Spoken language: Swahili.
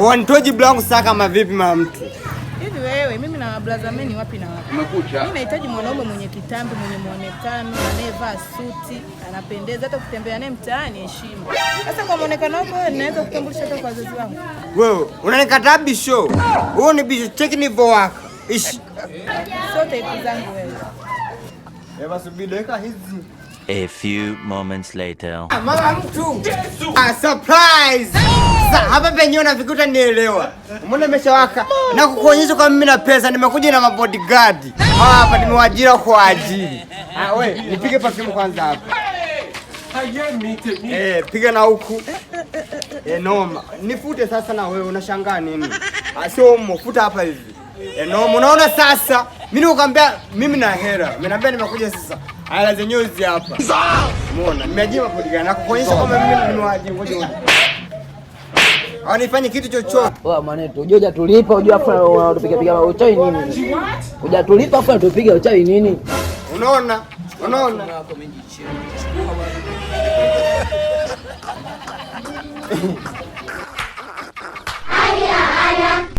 Wanitoe jibu langu saa kama vipi mama mtu? Hivi wewe mimi na blaza mimi wapi na wapi? Umekucha. Mimi nahitaji mwanaume mwenye kitambi, mwenye muonekano, anayevaa suti, anapendeza hata kutembea naye mtaani heshima. Sasa kwa muonekano wako wewe ninaweza kutambulisha hata kwa wazazi wangu. Wewe unanikataa bisho. Wewe ni bisho cheki ni wako. Ish. Sote ipo zangu wewe. Eva eh, subiri dakika hizi. A few moments later. Mama mtu. A ah, surprise. Sasa hapa penyewe unavikuta nielewa. Mbona nimeshawaka na kukuonyesha kwa mimi na pesa nimekuja na mabodyguard. Hapa nimewajira kwa ajili. Ah, we, nipige perfume kwanza hapa. Eh, piga na huku. Eh, noma. Nifute sasa na wewe unashangaa nini? Ah, sio mmo, futa hapa hivi. Eh, noma. Unaona sasa? Mimi nikwambia mimi na hera. Mimi nimekuja sasa. Ala zenyewe hizi hapa. Umeona? Nimeajiri kwa na kukuonyesha kama mimi ni mwaji. Ngoja. Anifanye kitu chochote. Wewe manetu, unajua tulipa, unajua afa unatupiga piga uchawi nini? Unajua tulipa afa unatupiga uchawi nini? Unaona? Unaona?